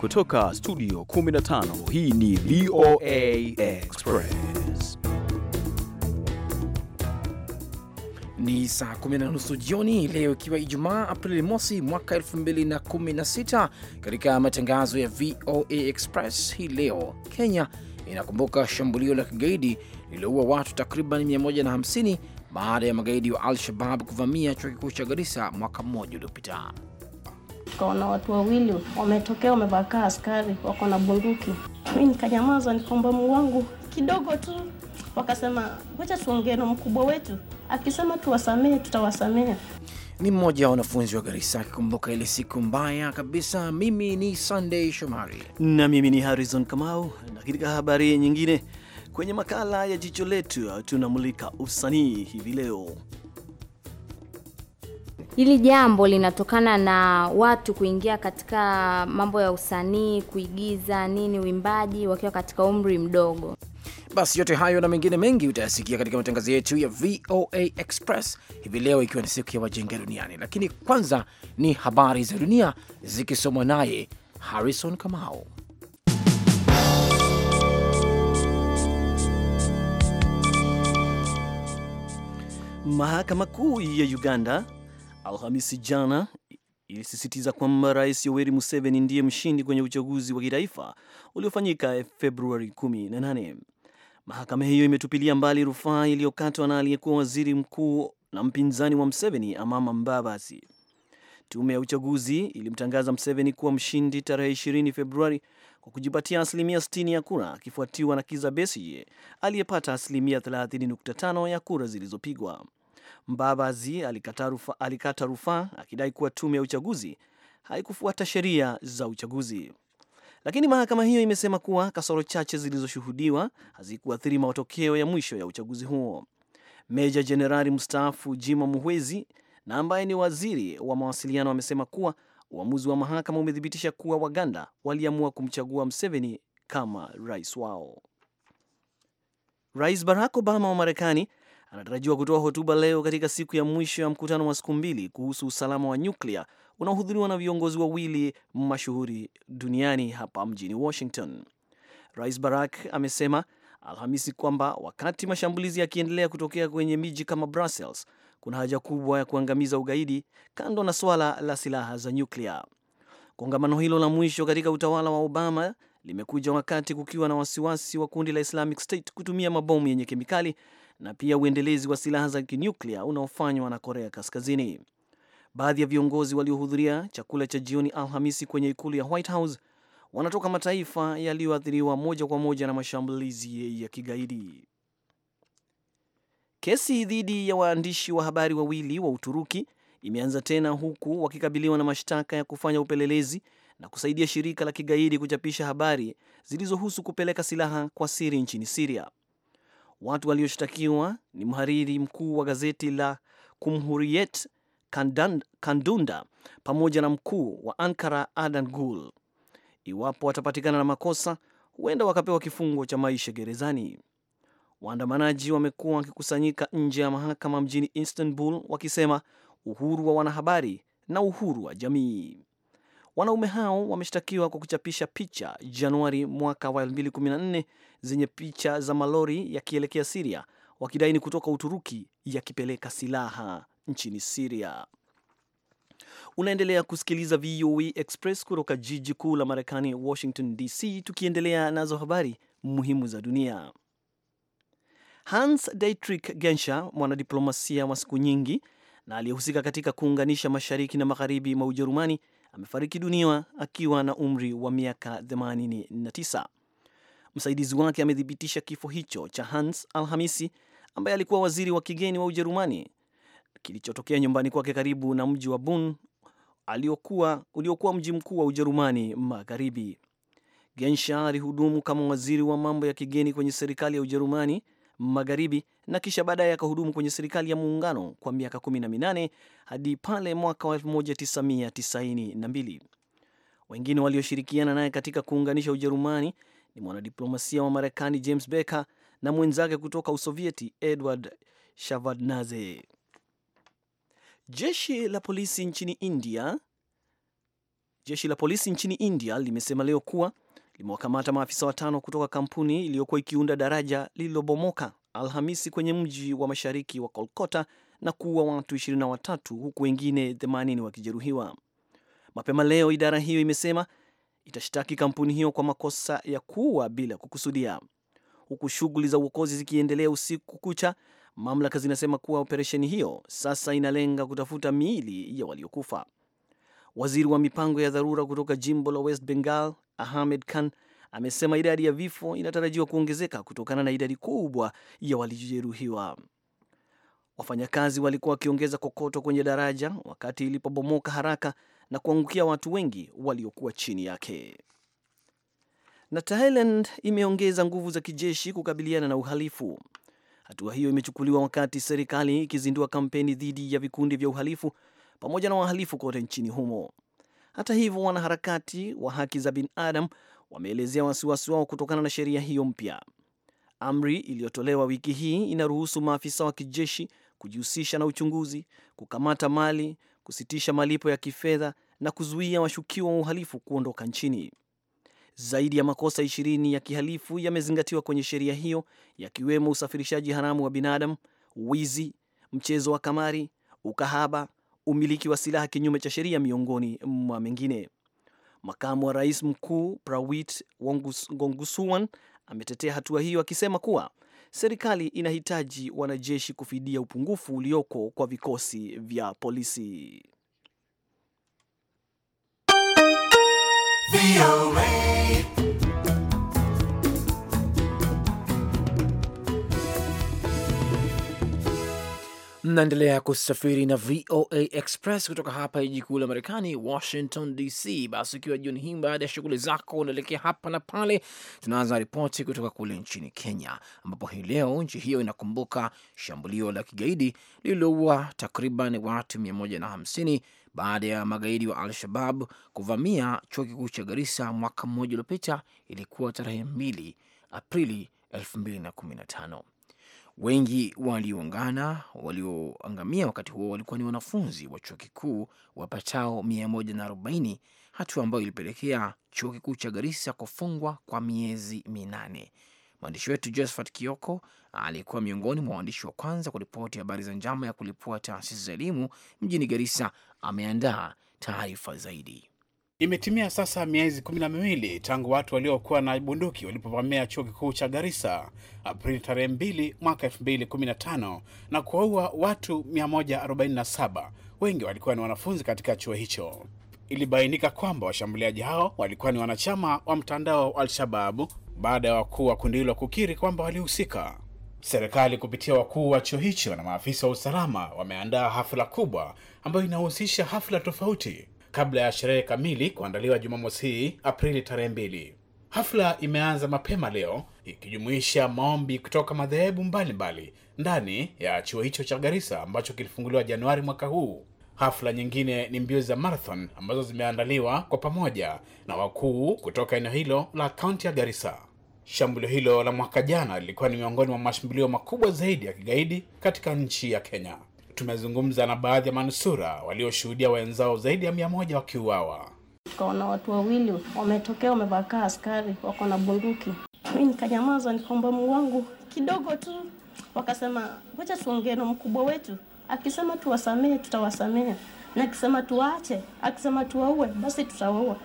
Kutoka studio 15 hii ni VOA Express. Ni saa kumi na nusu jioni leo, ikiwa Ijumaa Aprili mosi mwaka 216 Katika matangazo ya VOA Express hii leo, Kenya inakumbuka shambulio la kigaidi lililoua watu takriban 150 baada ya magaidi wa Al-Shabab kuvamia chuo kikuu cha Garissa mwaka mmoja uliopita tukaona watu wawili wametokea, wamevakaa askari, wako na bunduki. Mi nikanyamaza, nikaomba Mungu wangu kidogo tu, wakasema wacha tuongee na mkubwa wetu, akisema tuwasamehe tutawasamehe. Ni mmoja wa wanafunzi wa Garisa akikumbuka ile siku mbaya kabisa. Mimi ni Sunday Shomari na mimi ni Harrison Kamau. Na katika habari nyingine, kwenye makala ya jicho letu tunamulika usanii hivi leo. Hili jambo linatokana na watu kuingia katika mambo ya usanii, kuigiza nini, uimbaji wakiwa katika umri mdogo. Basi yote hayo na mengine mengi utayasikia katika matangazo yetu ya VOA Express hivi leo, ikiwa ni siku ya wajinga duniani. Lakini kwanza ni habari za dunia zikisomwa naye Harrison Kamau. Mahakama Kuu ya Uganda Alhamisi jana ilisisitiza kwamba Rais Yoweri Museveni ndiye mshindi kwenye uchaguzi wa kitaifa uliofanyika Februari 18. Mahakama hiyo imetupilia mbali rufaa iliyokatwa na aliyekuwa waziri mkuu na mpinzani wa Mseveni, Amama Mbabazi. Tume ya uchaguzi ilimtangaza Mseveni kuwa mshindi tarehe 20 Februari kwa kujipatia asilimia 60 ya kura, akifuatiwa na kizabesi Besigye aliyepata asilimia 30.5 ya kura zilizopigwa. Mbabazi alikata rufaa akidai kuwa tume ya uchaguzi haikufuata sheria za uchaguzi, lakini mahakama hiyo imesema kuwa kasoro chache zilizoshuhudiwa hazikuathiri matokeo ya mwisho ya uchaguzi huo. Meja Jenerali mstaafu Jima Muhwezi na ambaye ni waziri wa mawasiliano amesema kuwa uamuzi wa mahakama umethibitisha kuwa Waganda waliamua kumchagua Mseveni kama rais wao. Rais Barack Obama wa Marekani anatarajiwa kutoa hotuba leo katika siku ya mwisho ya mkutano wa siku mbili kuhusu usalama wa nyuklia unaohudhuriwa na viongozi wawili mashuhuri duniani hapa mjini Washington. Rais barak amesema Alhamisi kwamba wakati mashambulizi yakiendelea kutokea kwenye miji kama Brussels, kuna haja kubwa ya kuangamiza ugaidi, kando na swala la silaha za nyuklia. Kongamano hilo la mwisho katika utawala wa Obama limekuja wakati kukiwa na wasiwasi wa kundi la Islamic State kutumia mabomu yenye kemikali na pia uendelezi wa silaha za kinyuklia unaofanywa na Korea Kaskazini. Baadhi ya viongozi waliohudhuria chakula cha jioni Alhamisi kwenye ikulu ya White House wanatoka mataifa yaliyoathiriwa moja kwa moja na mashambulizi ya kigaidi. Kesi dhidi ya waandishi wa habari wawili wa Uturuki imeanza tena huku wakikabiliwa na mashtaka ya kufanya upelelezi na kusaidia shirika la kigaidi kuchapisha habari zilizohusu kupeleka silaha kwa siri nchini Siria. Watu walioshtakiwa ni mhariri mkuu wa gazeti la Cumhuriyet Kandunda pamoja na mkuu wa Ankara Adan Gul. Iwapo watapatikana na makosa, huenda wakapewa kifungo cha maisha gerezani. Waandamanaji wamekuwa wakikusanyika nje ya mahakama mjini Istanbul wakisema uhuru wa wanahabari na uhuru wa jamii. Wanaume hao wameshtakiwa kwa kuchapisha picha Januari mwaka wa 2014 zenye picha za malori yakielekea Siria, wakidai ni kutoka Uturuki yakipeleka silaha nchini Siria. Unaendelea kusikiliza VOA e Express kutoka jiji kuu la Marekani, Washington DC, tukiendelea nazo habari muhimu za dunia. Hans Dietrich Genscher, mwanadiplomasia wa siku nyingi na aliyehusika katika kuunganisha mashariki na magharibi mwa Ujerumani, amefariki dunia akiwa na umri wa miaka 89. Msaidizi wake amethibitisha kifo hicho cha Hans Alhamisi, ambaye alikuwa waziri wa kigeni wa Ujerumani, kilichotokea nyumbani kwake karibu na mji wa Bonn aliokuwa uliokuwa mji mkuu wa Ujerumani Magharibi. Genscher alihudumu kama waziri wa mambo ya kigeni kwenye serikali ya Ujerumani Magharibi na kisha baadaye akahudumu kwenye serikali ya muungano kwa miaka 18 hadi pale mwaka wa 1992. Wengine walioshirikiana naye katika kuunganisha Ujerumani ni mwanadiplomasia wa Marekani James Baker na mwenzake kutoka Usovieti Edward Shevardnadze. Jeshi la polisi nchini India, jeshi la polisi nchini India limesema leo kuwa limewakamata maafisa watano kutoka kampuni iliyokuwa ikiunda daraja lililobomoka Alhamisi kwenye mji wa mashariki wa Kolkata na kuua watu 23 huku wengine 80 wakijeruhiwa. Mapema leo idara hiyo imesema itashtaki kampuni hiyo kwa makosa ya kuua bila kukusudia. Huku shughuli za uokozi zikiendelea usiku kucha, mamlaka zinasema kuwa operesheni hiyo sasa inalenga kutafuta miili ya waliokufa. Waziri wa mipango ya dharura kutoka jimbo la West Bengal Ahmed Khan amesema idadi ya vifo inatarajiwa kuongezeka kutokana na idadi kubwa ya waliojeruhiwa. Wafanyakazi walikuwa wakiongeza kokoto kwenye daraja wakati ilipobomoka haraka na kuangukia watu wengi waliokuwa chini yake. Na Thailand imeongeza nguvu za kijeshi kukabiliana na uhalifu. Hatua hiyo imechukuliwa wakati serikali ikizindua kampeni dhidi ya vikundi vya uhalifu pamoja na wahalifu kote nchini humo. Hata hivyo, wanaharakati wa haki za binadamu wameelezea wasiwasi wao kutokana na sheria hiyo mpya. Amri iliyotolewa wiki hii inaruhusu maafisa wa kijeshi kujihusisha na uchunguzi, kukamata mali, kusitisha malipo ya kifedha na kuzuia washukiwa wa uhalifu kuondoka nchini. Zaidi ya makosa ishirini ya kihalifu yamezingatiwa kwenye sheria hiyo, yakiwemo usafirishaji haramu wa binadamu, wizi, mchezo wa kamari, ukahaba, umiliki wa silaha kinyume cha sheria miongoni mwa mengine. Makamu wa rais mkuu Prawit gongusuan ametetea hatua hiyo akisema kuwa serikali inahitaji wanajeshi kufidia upungufu ulioko kwa vikosi vya polisi. VOA. Mnaendelea kusafiri na VOA Express kutoka hapa jiji kuu la Marekani, Washington DC. Basi ukiwa jioni hii baada ya shughuli zako unaelekea hapa na pale, tunaanza ripoti kutoka kule nchini Kenya, ambapo hii leo nchi hiyo inakumbuka shambulio la kigaidi lililoua takriban watu 150 baada ya magaidi wa Al-Shabab kuvamia chuo kikuu cha Garissa mwaka mmoja uliopita. Ilikuwa tarehe 2 Aprili 2015. Wengi walioungana walioangamia wakati huo walikuwa ni wanafunzi wa chuo kikuu wapatao 140, hatua ambayo ilipelekea chuo kikuu cha Garissa kufungwa kwa miezi minane. Mwandishi wetu Josephat Kioko alikuwa miongoni mwa waandishi wa kwanza kuripoti habari za njama ya kulipua taasisi za elimu mjini Garissa. Ameandaa taarifa zaidi. Imetimia sasa miezi kumi na miwili tangu watu waliokuwa na bunduki walipovamia chuo kikuu cha Garissa Aprili tarehe 2 mwaka 2015 na kuwaua watu 147. Wengi walikuwa ni wanafunzi katika chuo hicho. Ilibainika kwamba washambuliaji hao walikuwa ni wanachama wa mtandao wa Al-Shababu baada ya wakuu wa kundi hilo kukiri kwamba walihusika. Serikali kupitia wakuu wa chuo hicho na maafisa wa usalama wameandaa hafla kubwa ambayo inahusisha hafla tofauti kabla ya sherehe kamili kuandaliwa Jumamosi hii Aprili tarehe mbili. Hafla imeanza mapema leo ikijumuisha maombi kutoka madhehebu mbalimbali ndani ya chuo hicho cha garisa ambacho kilifunguliwa Januari mwaka huu. Hafla nyingine ni mbio za marathon ambazo zimeandaliwa kwa pamoja na wakuu kutoka eneo hilo la kaunti ya garisa Shambulio hilo la mwaka jana lilikuwa ni miongoni mwa mashambulio makubwa zaidi ya kigaidi katika nchi ya Kenya. Tumezungumza na baadhi ya manusura walioshuhudia wenzao zaidi ya mia moja wakiuawa. Tukaona watu wawili wametokea, wamevakaa askari, wako na bunduki. Mi nikanyamaza, nikaomba Mungu wangu kidogo tu, wakasema wacha tuongee na mkubwa wetu, akisema tuwasamehe tutawasamehe, na akisema tuwaache, akisema tuwaue basi tutawaua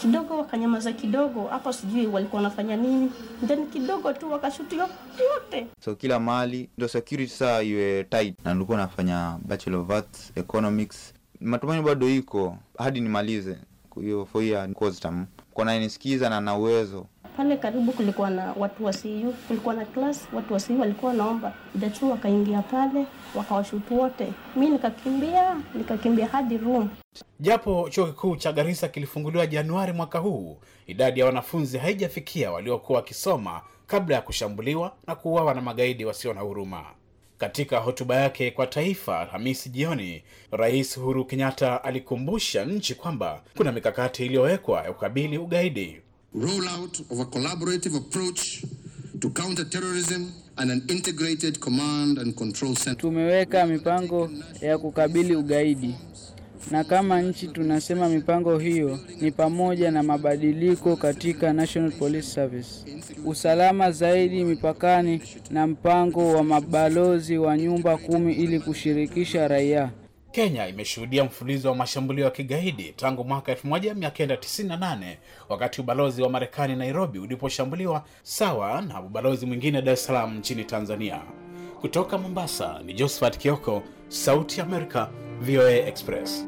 kidogo wakanyamaza kidogo, hapa sijui walikuwa wanafanya nini, then kidogo tu wakashuti yote. So kila mali ndio security saa iwe tight, na nilikuwa nafanya bachelor of arts economics. Matumaini bado iko hadi nimalize hiyo for year course term, kwa nanisikiza na na uwezo pale karibu kulikuwa na watu wa CU, kulikuwa na class, watu wa CU walikuwa the two, wakaingia pale wakawashutu wote, mi nikakimbia, nikakimbia hadi room. Japo chuo kikuu cha Garissa kilifunguliwa Januari mwaka huu, idadi ya wanafunzi haijafikia waliokuwa wakisoma kabla ya kushambuliwa na kuuawa na magaidi wasio na huruma. Katika hotuba yake kwa taifa Alhamisi jioni, Rais Uhuru Kenyatta alikumbusha nchi kwamba kuna mikakati iliyowekwa ya kukabili ugaidi rollout of a collaborative approach to counter terrorism and an integrated command and control center. Tumeweka mipango ya kukabili ugaidi na kama nchi tunasema mipango hiyo ni pamoja na mabadiliko katika National Police Service, usalama zaidi mipakani, na mpango wa mabalozi wa nyumba kumi ili kushirikisha raia. Kenya imeshuhudia mfululizo wa mashambulio ya kigaidi tangu mwaka 1998 wakati ubalozi wa Marekani Nairobi uliposhambuliwa sawa na ubalozi mwingine Dar es Salaam nchini Tanzania. Kutoka Mombasa ni Josephat Kioko, Sauti Amerika, VOA Express.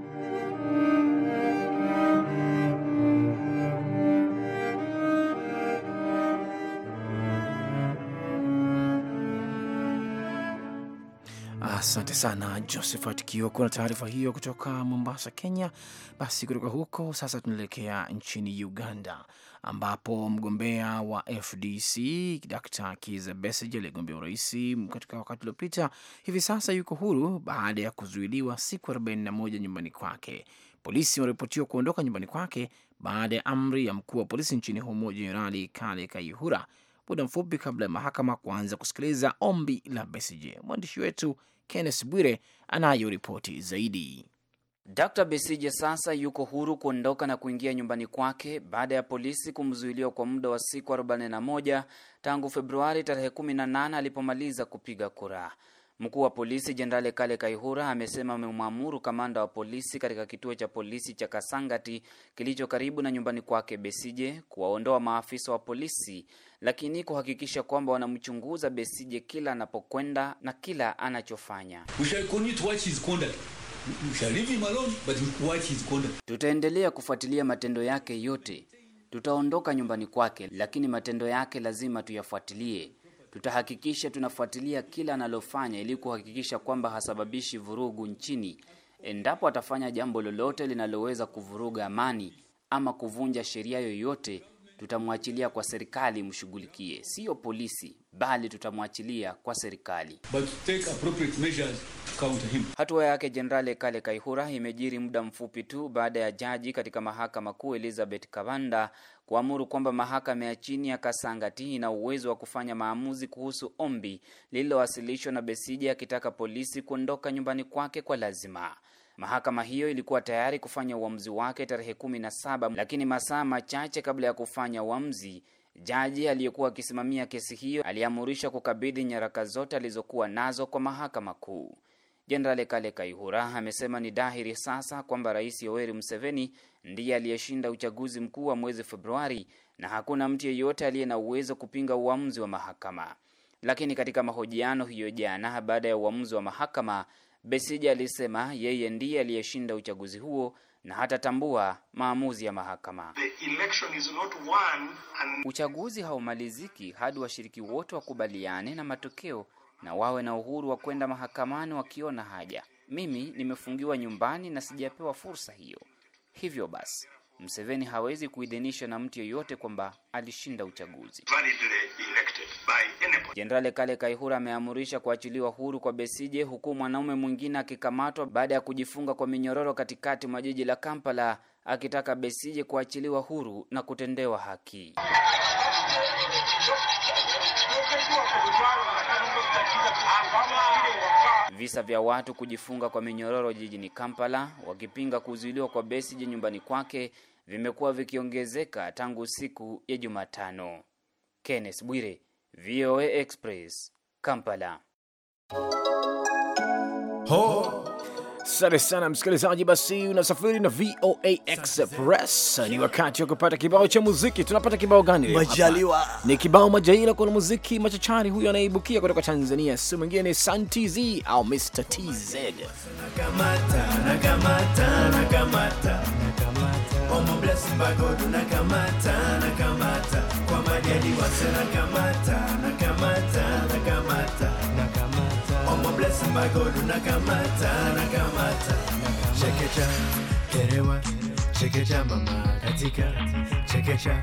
Asante sana Josephat Kioko na taarifa hiyo kutoka Mombasa, Kenya. Basi kutoka huko sasa tunaelekea nchini Uganda, ambapo mgombea wa FDC Dr Kiza Besigye aliyegombea urais katika wakati uliopita, hivi sasa yuko huru baada ya kuzuiliwa siku 41 nyumbani kwake. Polisi wanaripotiwa kuondoka nyumbani kwake baada ya amri ya mkuu wa polisi nchini humo Jenerali Kale Kayihura muda mfupi kabla ya mahakama kuanza kusikiliza ombi la Besigye. Mwandishi wetu kennes Bwire anayo ripoti zaidi. Dr. Besije sasa yuko huru kuondoka na kuingia nyumbani kwake baada ya polisi kumzuiliwa kwa muda wa siku 41 tangu Februari tarehe 18 alipomaliza kupiga kura. Mkuu wa polisi Jenerali Kale Kaihura amesema amemwamuru kamanda wa polisi katika kituo cha polisi cha Kasangati kilicho karibu na nyumbani kwake Besije kuwaondoa maafisa wa polisi, lakini kuhakikisha kwamba wanamchunguza Besije kila anapokwenda na kila anachofanya. Tutaendelea kufuatilia matendo yake yote. Tutaondoka nyumbani kwake, lakini matendo yake lazima tuyafuatilie tutahakikisha tunafuatilia kila analofanya ili kuhakikisha kwamba hasababishi vurugu nchini. Endapo atafanya jambo lolote linaloweza kuvuruga amani ama kuvunja sheria yoyote, tutamwachilia kwa serikali mshughulikie, siyo polisi, bali tutamwachilia kwa serikali. Hatua yake Jenerali Kale Kaihura imejiri muda mfupi tu baada ya jaji katika mahakama kuu Elizabeth Kavanda kuamuru kwamba mahakama ya chini ya Kasangati ina uwezo wa kufanya maamuzi kuhusu ombi lililowasilishwa na Besije akitaka polisi kuondoka nyumbani kwake kwa lazima. Mahakama hiyo ilikuwa tayari kufanya uamuzi wake tarehe kumi na saba, lakini masaa machache kabla ya kufanya uamuzi, jaji aliyekuwa akisimamia kesi hiyo aliamurisha kukabidhi nyaraka zote alizokuwa nazo kwa mahakama kuu. Jenerali Kale Kaihura amesema ni dhahiri sasa kwamba Rais Yoweri Museveni ndiye aliyeshinda uchaguzi mkuu wa mwezi Februari na hakuna mtu yeyote aliye na uwezo kupinga uamuzi wa mahakama. Lakini katika mahojiano hiyo jana baada ya uamuzi wa mahakama, besija alisema yeye ndiye aliyeshinda uchaguzi huo na hatatambua maamuzi ya mahakama. and... uchaguzi haumaliziki hadi washiriki wote wakubaliane na matokeo na wawe na uhuru wa kwenda mahakamani wakiona haja. Mimi nimefungiwa nyumbani na sijapewa fursa hiyo. Hivyo basi Mseveni hawezi kuidhinishwa na mtu yeyote kwamba alishinda uchaguzi. Jenerali Kale Kaihura ameamurisha kuachiliwa huru kwa Besije, huku mwanaume mwingine akikamatwa baada ya kujifunga kwa minyororo katikati mwa jiji la Kampala, akitaka Besije kuachiliwa huru na kutendewa haki. Visa vya watu kujifunga kwa minyororo jijini Kampala wakipinga kuzuiliwa kwa Besigye nyumbani kwake vimekuwa vikiongezeka tangu siku ya Jumatano. Kenneth Bwire, VOA Express, Kampala. Ho sante sana msikilizaji, basi unasafiri na VOA Express, ni wakati wa kupata kibao cha muziki. Tunapata kibao gani Majaliwa ni kibao Majaliwa, kwa muziki machachari huyo anayeibukia kutoka Tanzania, si mwingine ni Santi Z au Mr TZ. bless magolu nakamata nakamata chekecha kerewa chekecha mama katika chekecha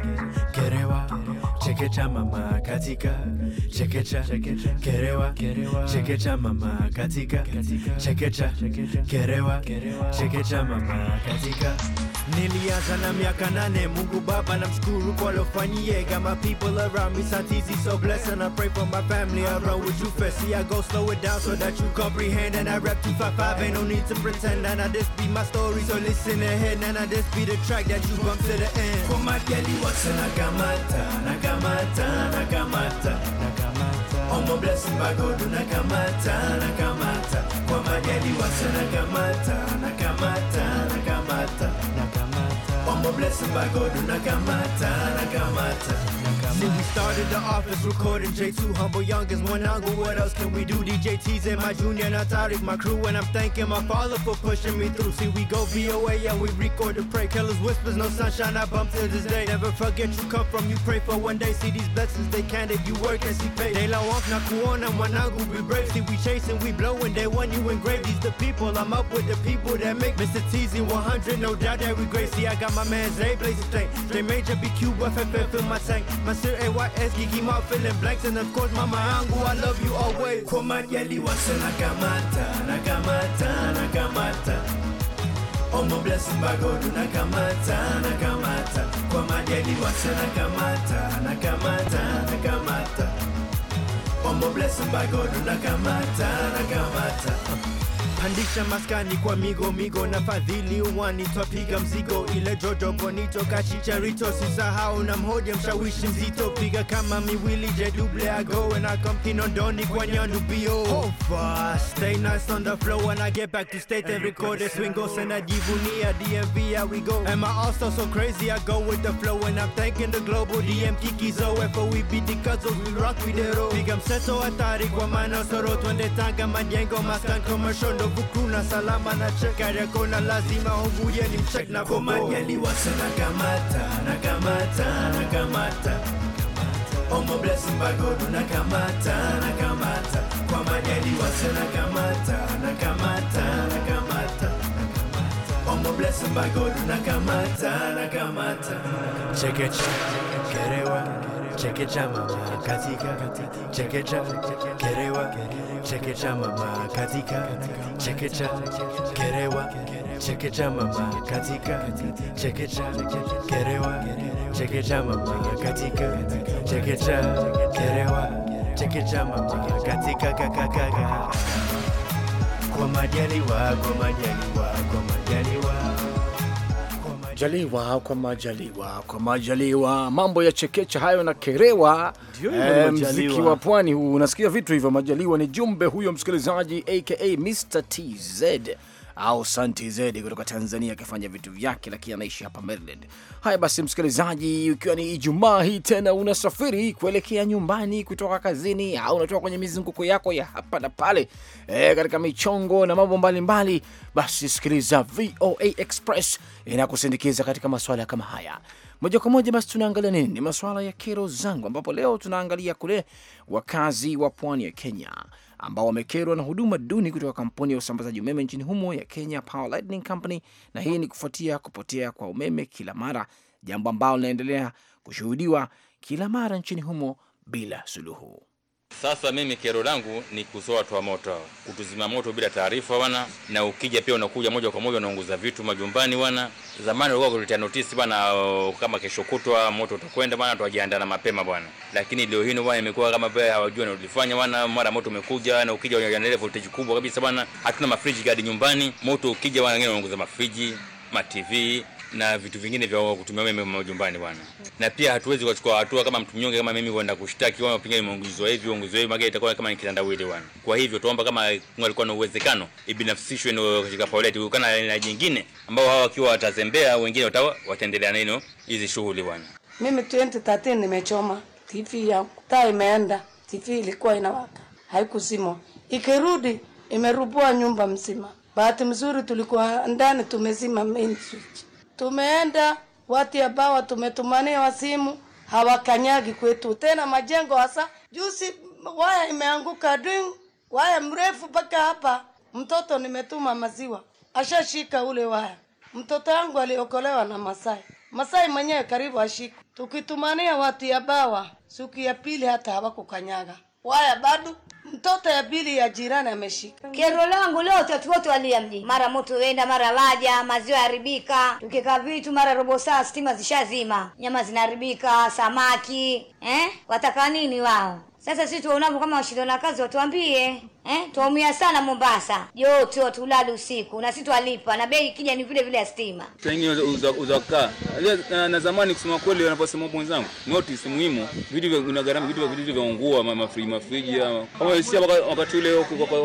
kerewa chekecha mama katika chekecha kerewa chekecha mama katika chekecha kerewa chekecha mama katika Nilianza na miaka nane, Mungu Baba namshukuru kwa lofanyiega. My people around me sounds easy, so blessed and I pray for my family. I run with you fast, see I go slow it down so that you comprehend. And I rap 255, ain't no need to pretend. And I just be my story, so listen ahead. And I just be the track that you bump to the end. For my daily what's nakamata, nakamata, nakamata, nakamata. Oh my blessing by God, nakamata, nakamata. For my daily what's nakamata, nakamata, nakamata. Mo blessed by God na kamata. See we started the office recording J2 Humble Young is one angle. What else can we do? DJ TZ, my junior, and Atari's my crew. And I'm thanking my father for pushing me through. See, we go VOA, yeah, we record to pray. Killers whispers, no sunshine, I bump to this day. Never forget you come from, you pray for one day. See these blessings, they can if you work and see pay. They la walk, na kuona, one angle, we brave. See, we chasing, we blowing, they want you engrave. These the people, I'm up with the people that make Mr. TZ 100. No doubt that we great. See, I got my man Zay Blaze stay. They major BQ, FFF in my tank. My sir AYS kikima feeling blanks and of course mama angu, I love you always Kwa majali wase nakamata nakamata nakamata Omo oh, bless mbagodu nakamata nakamata Kwa majali wase nakamata nakamata nakamata Omo oh, bless mbagodu nakamata nakamata pandisha maskani kwa migo na fadhili uwani twapiga mzigo ile jojo bonito kachicharito sisahau na mhoja mshawishi mzito piga kama miwili jeduble agoe na kamkinondoni kwa nyandu biova stay nice on the flow when I get back to state and record it swingos and najivunia DMV here we go am I also so crazy I go with the flow and I'm thanking the global DM kikizo FOEB dikazo we rock with the road piga mseto hatari kwa maana soro twende tanga majengo maskan commercial hakukuna salama na cheka yakona lazima huvuye ni mchek na komanyeli wasa nakamata nakamata nakamata omo blessing bagodu nakamata nakamata kwa majali wasa nakamata nakamata nakamata omo blessing bagodu nakamata nakamata chekeche kerewa Check it chama katika Check it chama kerewa Check it chama katika Check it chama kerewa Check it chama katika Check it chama kerewa Check it chama katika Check it chama kerewa Check it chama katika kakakaka Kwa majaliwa kwa Majaliwa kwa majaliwa kwa majaliwa, mambo ya chekecha hayo na kerewa. mziki wa pwani huu unasikia vitu hivyo. Majaliwa ni Jumbe huyo msikilizaji, aka Mr TZ au Santi Zedi kutoka Tanzania akifanya vitu vyake, lakini anaishi hapa Maryland. Haya basi, msikilizaji, ukiwa ni Ijumaa hii tena unasafiri kuelekea nyumbani kutoka kazini au unatoka kwenye mizunguko yako ya hapa na pale, e, katika michongo na mambo mbalimbali, basi sikiliza VOA Express inakusindikiza katika masuala kama haya moja kwa moja. Basi tunaangalia nini? Ni masuala ya kero zangu, ambapo leo tunaangalia kule wakazi wa pwani ya Kenya ambao wamekerwa na huduma duni kutoka kampuni ya usambazaji umeme nchini humo ya Kenya Power Lightning Company, na hii ni kufuatia kupotea kwa umeme kila mara, jambo ambalo linaendelea kushuhudiwa kila mara nchini humo bila suluhu. Sasa mimi kero langu ni kusoa watu wa moto kutuzima moto bila taarifa wana, na ukija pia unakuja moja kwa moja unaunguza vitu majumbani wana. Zamani walikuwa kuletea notisi bwana, oh, kama kesho kutwa moto utakwenda bwana, tuajiandaa mapema bwana, lakini leo hino bwana, imekuwa kama vile hawajui ulifanya bwana. Mara moto umekuja na ukija unaendelea voltage kubwa kabisa bwana, hatuna mafriji gadi nyumbani, moto ukija bwana, wengine wanaunguza mafriji, ma TV na vitu vingine vya kutumia umeme majumbani bwana. Na pia hatuwezi kuchukua hatua kama mtu mnyonge kama mimi kwenda kushtaki wao pinga imeongezwa hivi ongezwa hivi, magari itakuwa kama wili bwana. Kwa hivyo tuomba kama alikuwa na uwezekano ibinafsishwe ndio katika Paulette kukana na jingine ambao hao wakiwa watazembea wengine watawa, wataendelea neno hizi shughuli bwana. Mimi 2013 nimechoma TV ya taa imeenda, TV ilikuwa inawaka haikuzimwa, ikirudi imerubua nyumba mzima. Bahati mzuri tulikuwa ndani tumezima main switch tumeenda watu ambao tumetumania wasimu hawakanyagi kwetu tena majengo, hasa juzi waya imeanguka ding, waya mrefu mpaka hapa. Mtoto nimetuma maziwa ashashika ule waya, mtoto wangu aliokolewa na Masai Masai mwenyewe karibu ashika. Tukitumania watu ya bawa siku ya pili hata hawakukanyaga waya bado Mtoto ya pili ya jirani ameshika kero langu lote, watu wote walia mjini, mara moto wenda, mara waja, maziwa yaharibika, tukika vitu mara robo saa, stima zishazima, nyama zinaharibika, samaki eh? Wataka nini wao sasa? Sisi tuonavyo kama washindana kazi, watuambie. Eh, twaumia sana Mombasa, joto hatulali usiku na si twalipa, na bei ikija ni vile vile ya stima. Tengi nyingine uzakaa na, na zamani kusema kweli, wanaposema mwenzangu notice muhimu, vitu gharama, vitu vitu vyaungua, mafriji mafriji kama si wakati ule huko kwa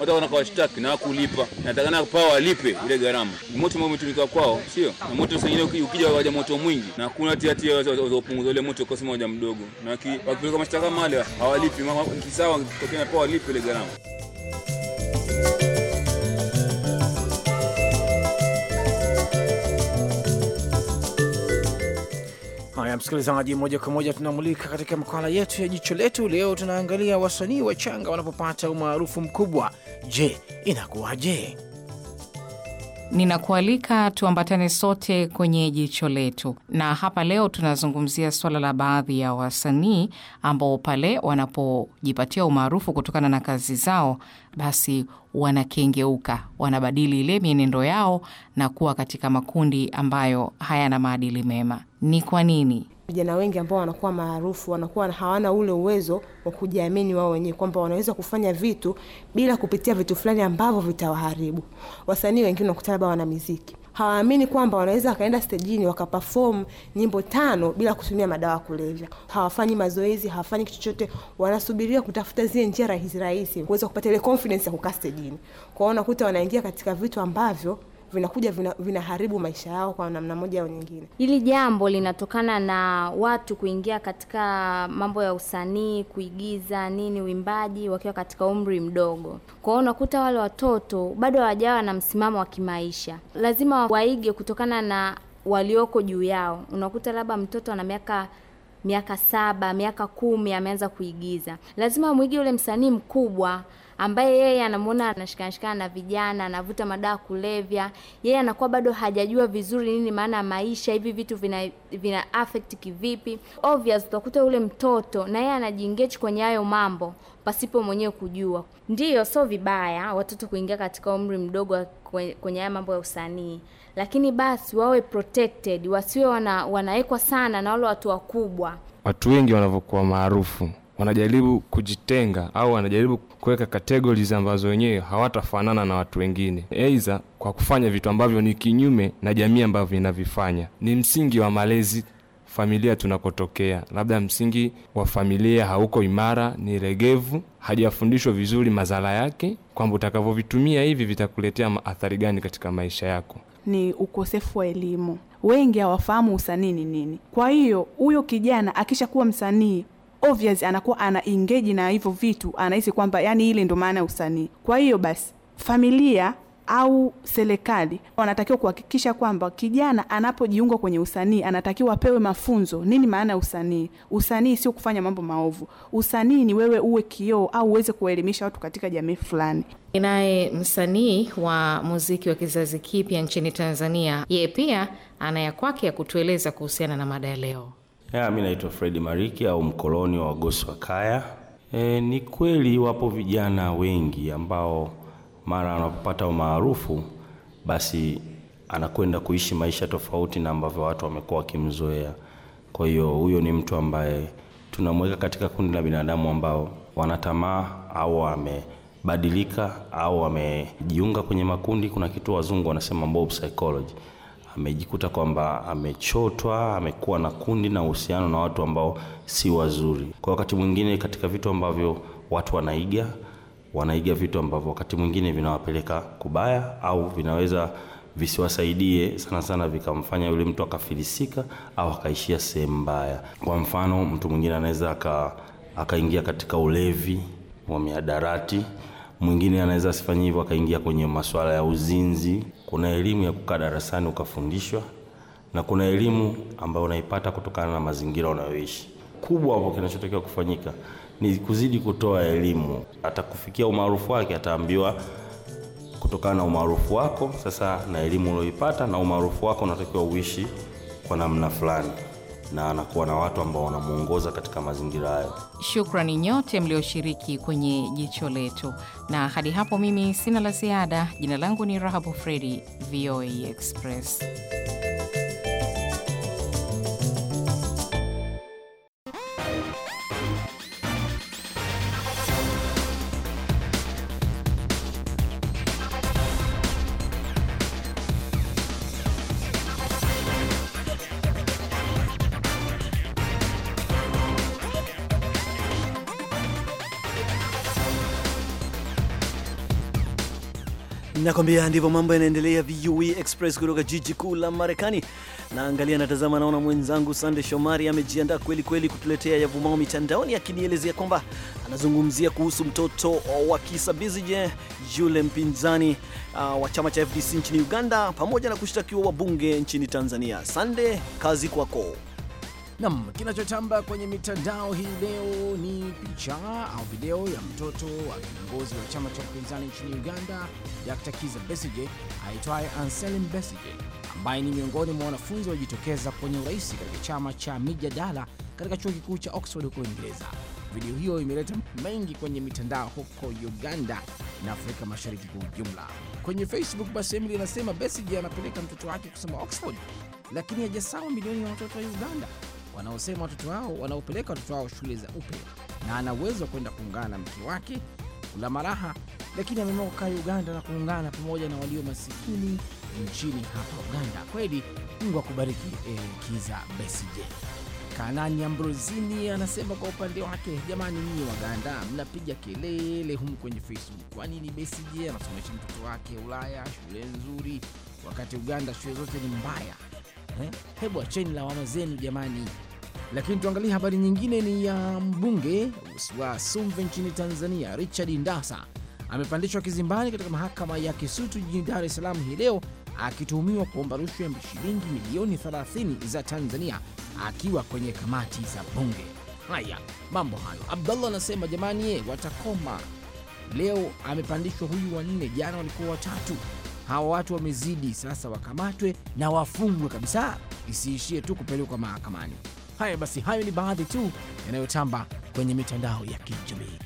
watu wanakawashtaki na kulipa, na pao walipe ile gharama, moto ambao umetumika kwao, sio na moto. usingine ukija waje moto mwingi na kuna tia tia za wazopunguza ile moto kwa sema moja mdogo, na wakipeleka mashtaka mali hawalipi, mama kisawa kutokana pao walipe ile gharama. Haya msikilizaji, moja kwa moja tunamulika katika makala yetu ya jicho letu. Leo tunaangalia wasanii wachanga wanapopata umaarufu mkubwa. Je, inakuwaje? Ninakualika tuambatane sote kwenye jicho letu, na hapa leo tunazungumzia swala la baadhi ya wasanii ambao pale wanapojipatia umaarufu kutokana na kazi zao, basi wanakengeuka, wanabadili ile mienendo yao na kuwa katika makundi ambayo hayana maadili mema. Ni kwa nini? Vijana wengi ambao wanakuwa maarufu wanakuwa hawana ule uwezo wa kujiamini wao wenyewe kwamba wanaweza kufanya vitu bila kupitia vitu fulani ambavyo vitawaharibu. Wasanii wengine unakuta labda wana miziki hawaamini kwamba wanaweza wakaenda stejini wakapafom nyimbo tano bila kutumia madawa kulevya. Hawafanyi mazoezi, hawafanyi kitu chochote, wanasubiria kutafuta zile njia rahisi rahisi kuweza kupata ile confidence ya kukaa stejini kwao. Unakuta wanaingia katika vitu ambavyo vinakuja vina, vinaharibu maisha yao kwa namna moja au nyingine. Hili jambo linatokana na watu kuingia katika mambo ya usanii, kuigiza nini, uimbaji wakiwa katika umri mdogo. Kwa hiyo unakuta wale watoto bado hawajawa na msimamo wa kimaisha, lazima waige kutokana na walioko juu yao. Unakuta labda mtoto ana miaka miaka saba, miaka kumi, ameanza kuigiza, lazima mwige ule msanii mkubwa ambaye yeye anamwona anashikanishikana na vijana, anavuta madawa kulevya, yeye anakuwa bado hajajua vizuri nini maana ya maisha, hivi vitu vina, vina affect kivipi. Obvious utakuta yule mtoto na yeye anajiengage kwenye hayo mambo pasipo mwenyewe kujua. Ndiyo, sio vibaya watoto kuingia katika umri mdogo kwenye haya mambo ya usanii, lakini basi wawe protected, wasiwe wana, wanawekwa sana na wale watu wakubwa. Watu wengi wanavyokuwa maarufu wanajaribu kujitenga au wanajaribu kuweka categories ambazo wenyewe hawatafanana na watu wengine, eiza kwa kufanya vitu ambavyo ni kinyume na jamii ambavyo inavifanya. Ni msingi wa malezi familia tunakotokea, labda msingi wa familia hauko imara, ni legevu, hajafundishwa vizuri madhara yake, kwamba utakavyovitumia hivi vitakuletea athari gani katika maisha yako. Ni ukosefu wa elimu. Wengi hawafahamu usanii ni nini. Kwa hiyo huyo kijana akishakuwa msanii obvious anakuwa ana engage na hivyo vitu, anahisi kwamba yani ile ndo maana ya usanii. Kwa hiyo basi familia au serikali wanatakiwa kuhakikisha kwamba kijana anapojiunga kwenye usanii anatakiwa apewe mafunzo. Nini maana ya usanii? Usanii sio kufanya mambo maovu. Usanii ni wewe uwe kioo au uweze kuwaelimisha watu katika jamii fulani. Naye msanii wa muziki wa kizazi kipya nchini Tanzania, yeye pia ana ya kwake ya kutueleza kuhusiana na mada ya leo. Ya, mi naitwa Fredi Mariki au mkoloni wa Wagosi wa Kaya. E, ni kweli wapo vijana wengi ambao mara anapopata umaarufu basi anakwenda kuishi maisha tofauti na ambavyo watu wamekuwa wakimzoea. Kwa hiyo huyo ni mtu ambaye tunamweka katika kundi la binadamu ambao wanatamaa au wamebadilika au wamejiunga kwenye makundi. Kuna kitu wazungu wanasema mob psychology amejikuta kwamba amechotwa, amekuwa na kundi na uhusiano na watu ambao si wazuri. Kwa wakati mwingine, katika vitu ambavyo watu wanaiga, wanaiga vitu ambavyo wakati mwingine vinawapeleka kubaya au vinaweza visiwasaidie sana sana, vikamfanya yule mtu akafilisika au akaishia sehemu mbaya. Kwa mfano, mtu mwingine anaweza akaingia katika ulevi wa miadarati mwingine anaweza asifanye hivyo, akaingia kwenye masuala ya uzinzi. Kuna elimu ya kukaa darasani ukafundishwa na kuna elimu ambayo unaipata kutokana na mazingira unayoishi. Kubwa hapo kinachotakiwa kufanyika ni kuzidi kutoa elimu. Atakufikia umaarufu wake, ataambiwa kutokana na umaarufu wako sasa na elimu ulioipata na umaarufu wako unatakiwa uishi kwa namna fulani na anakuwa na watu ambao wanamuongoza katika mazingira hayo. Shukrani nyote mlioshiriki kwenye jicho letu, na hadi hapo mimi sina la ziada. Jina langu ni Rahabu Fredi, VOA Express. Nakwambia ndivyo mambo yanaendelea. VOA e Express kutoka jiji kuu la Marekani. Naangalia, natazama, naona mwenzangu Sande Shomari amejiandaa kweli kweli kutuletea yavumao mitandaoni, akinielezea kwamba anazungumzia kuhusu mtoto wa Kizza Besigye yule mpinzani uh, wa chama cha FDC nchini Uganda, pamoja na kushtakiwa wabunge nchini Tanzania. Sande, kazi kwako. Nam, kinachotamba kwenye mitandao hii leo ni picha au video ya mtoto wa kiongozi wa chama cha upinzani nchini Uganda, Dr. Kiza Besige aitwaye Anselm Besige, ambaye ni miongoni mwa wanafunzi waliojitokeza kwenye urais katika chama cha mijadala katika chuo kikuu cha Oxford huko Uingereza. Video hiyo imeleta mengi kwenye mitandao huko Uganda na Afrika Mashariki kwa ujumla. Kwenye Facebook, basi Emily anasema Besige anapeleka mtoto wake kusoma Oxford, lakini hajasawa milioni ya watoto wa Uganda wanaosema watoto wao wanaopeleka watoto wao shule za upe na ana uwezo wa kwenda kuungana na mke wake kula maraha, lakini ameamua kukaa Uganda na kuungana pamoja na walio masikini nchini hapa Uganda. Kweli Mungu akubariki eh, Kiza Besije. Kanani Ambrosini anasema kwa upande wake, jamani, nyinyi Waganda mnapiga kelele humu kwenye Facebook, kwa nini Besije anasomesha mtoto wake Ulaya shule nzuri wakati Uganda shule zote ni mbaya? eh? Hebu acheni lawama zenu jamani. Lakini tuangalie habari nyingine, ni ya mbunge wa Sumve nchini Tanzania, Richard Ndasa amepandishwa kizimbani katika mahakama ya Kisutu jijini Dar es Salaam hii leo akituhumiwa kuomba rushwa ya shilingi milioni 30 za Tanzania akiwa kwenye kamati za bunge. Haya mambo hayo, Abdallah anasema jamani, ye eh, watakoma leo. Amepandishwa huyu wanne, jana walikuwa watatu hawa watu wamezidi sasa, wakamatwe na wafungwe kabisa, isiishie tu kupelekwa mahakamani. Haya basi, hayo ni baadhi tu yanayotamba kwenye mitandao ya kijamii.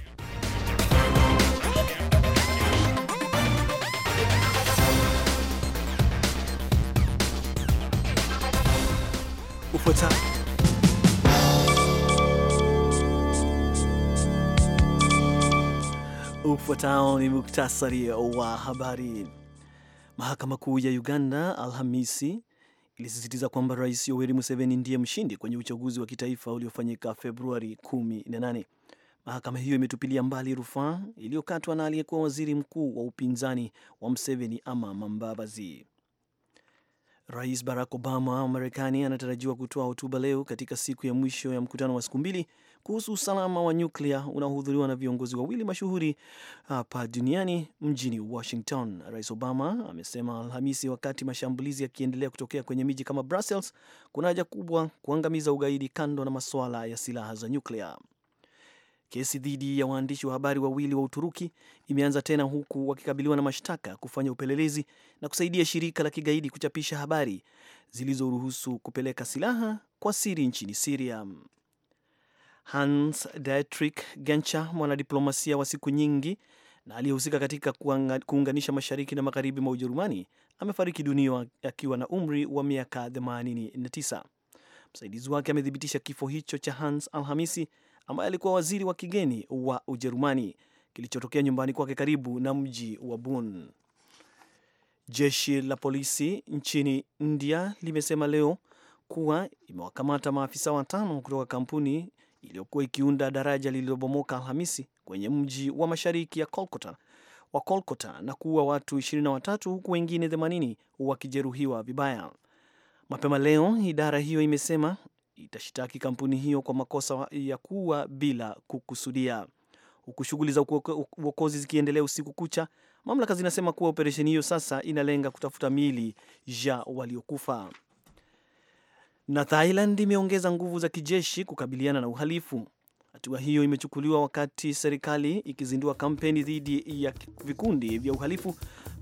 ufuatao ni muktasari wa habari. Mahakama Kuu ya Uganda Alhamisi ilisisitiza kwamba Rais Yoweri Museveni ndiye mshindi kwenye uchaguzi wa kitaifa uliofanyika Februari 18. Mahakama hiyo imetupilia mbali rufaa iliyokatwa na aliyekuwa waziri mkuu wa upinzani wa Museveni, Amama Mbabazi. Rais Barack Obama wa Marekani anatarajiwa kutoa hotuba leo katika siku ya mwisho ya mkutano wa siku mbili kuhusu usalama wa nyuklia unaohudhuriwa na viongozi wawili mashuhuri hapa duniani mjini Washington. Rais Obama amesema Alhamisi wakati mashambulizi yakiendelea kutokea kwenye miji kama Brussels, kuna haja kubwa kuangamiza ugaidi kando na masuala ya silaha za nyuklia. Kesi dhidi ya waandishi wa habari wawili wa Uturuki imeanza tena huku wakikabiliwa na mashtaka kufanya upelelezi na kusaidia shirika la kigaidi kuchapisha habari zilizoruhusu kupeleka silaha kwa siri nchini Siria. Hans Dietrich Genscher, mwanadiplomasia wa siku nyingi na aliyehusika katika kuunganisha mashariki na magharibi mwa Ujerumani, amefariki dunia akiwa na umri wa miaka 89. Msaidizi wake amethibitisha kifo hicho cha Hans Alhamisi ambaye alikuwa waziri wa kigeni wa Ujerumani, kilichotokea nyumbani kwake karibu na mji wa bun Jeshi la polisi nchini India limesema leo kuwa imewakamata maafisa watano kutoka kampuni iliyokuwa ikiunda daraja lililobomoka Alhamisi kwenye mji wa mashariki ya Kolkata wa Kolkata na kuua watu 23 huku wengine 80 wakijeruhiwa vibaya. Mapema leo idara hiyo imesema itashitaki kampuni hiyo kwa makosa ya kuwa bila kukusudia. Huku shughuli za uokozi zikiendelea usiku kucha, mamlaka zinasema kuwa operesheni hiyo sasa inalenga kutafuta miili ya waliokufa. Na Thailand imeongeza nguvu za kijeshi kukabiliana na uhalifu. Hatua hiyo imechukuliwa wakati serikali ikizindua kampeni dhidi ya vikundi vya uhalifu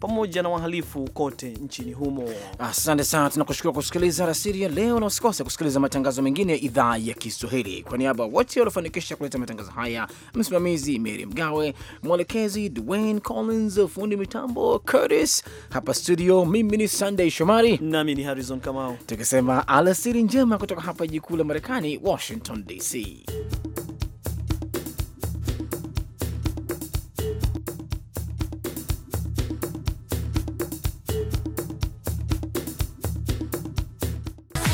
pamoja na wahalifu kote nchini humo. Asante sana, tunakushukuru kusikiliza rasiri ya leo, na usikose kusikiliza matangazo mengine ya idhaa ya Kiswahili. Kwa niaba ya wote waliofanikisha kuleta matangazo haya, msimamizi Mary Mgawe, mwelekezi Dwayne Collins, fundi mitambo Curtis hapa studio, mimi ni Sunday Shomari nami ni Harrison Kamau, tukisema alasiri njema kutoka hapa jikuu la Marekani, Washington DC.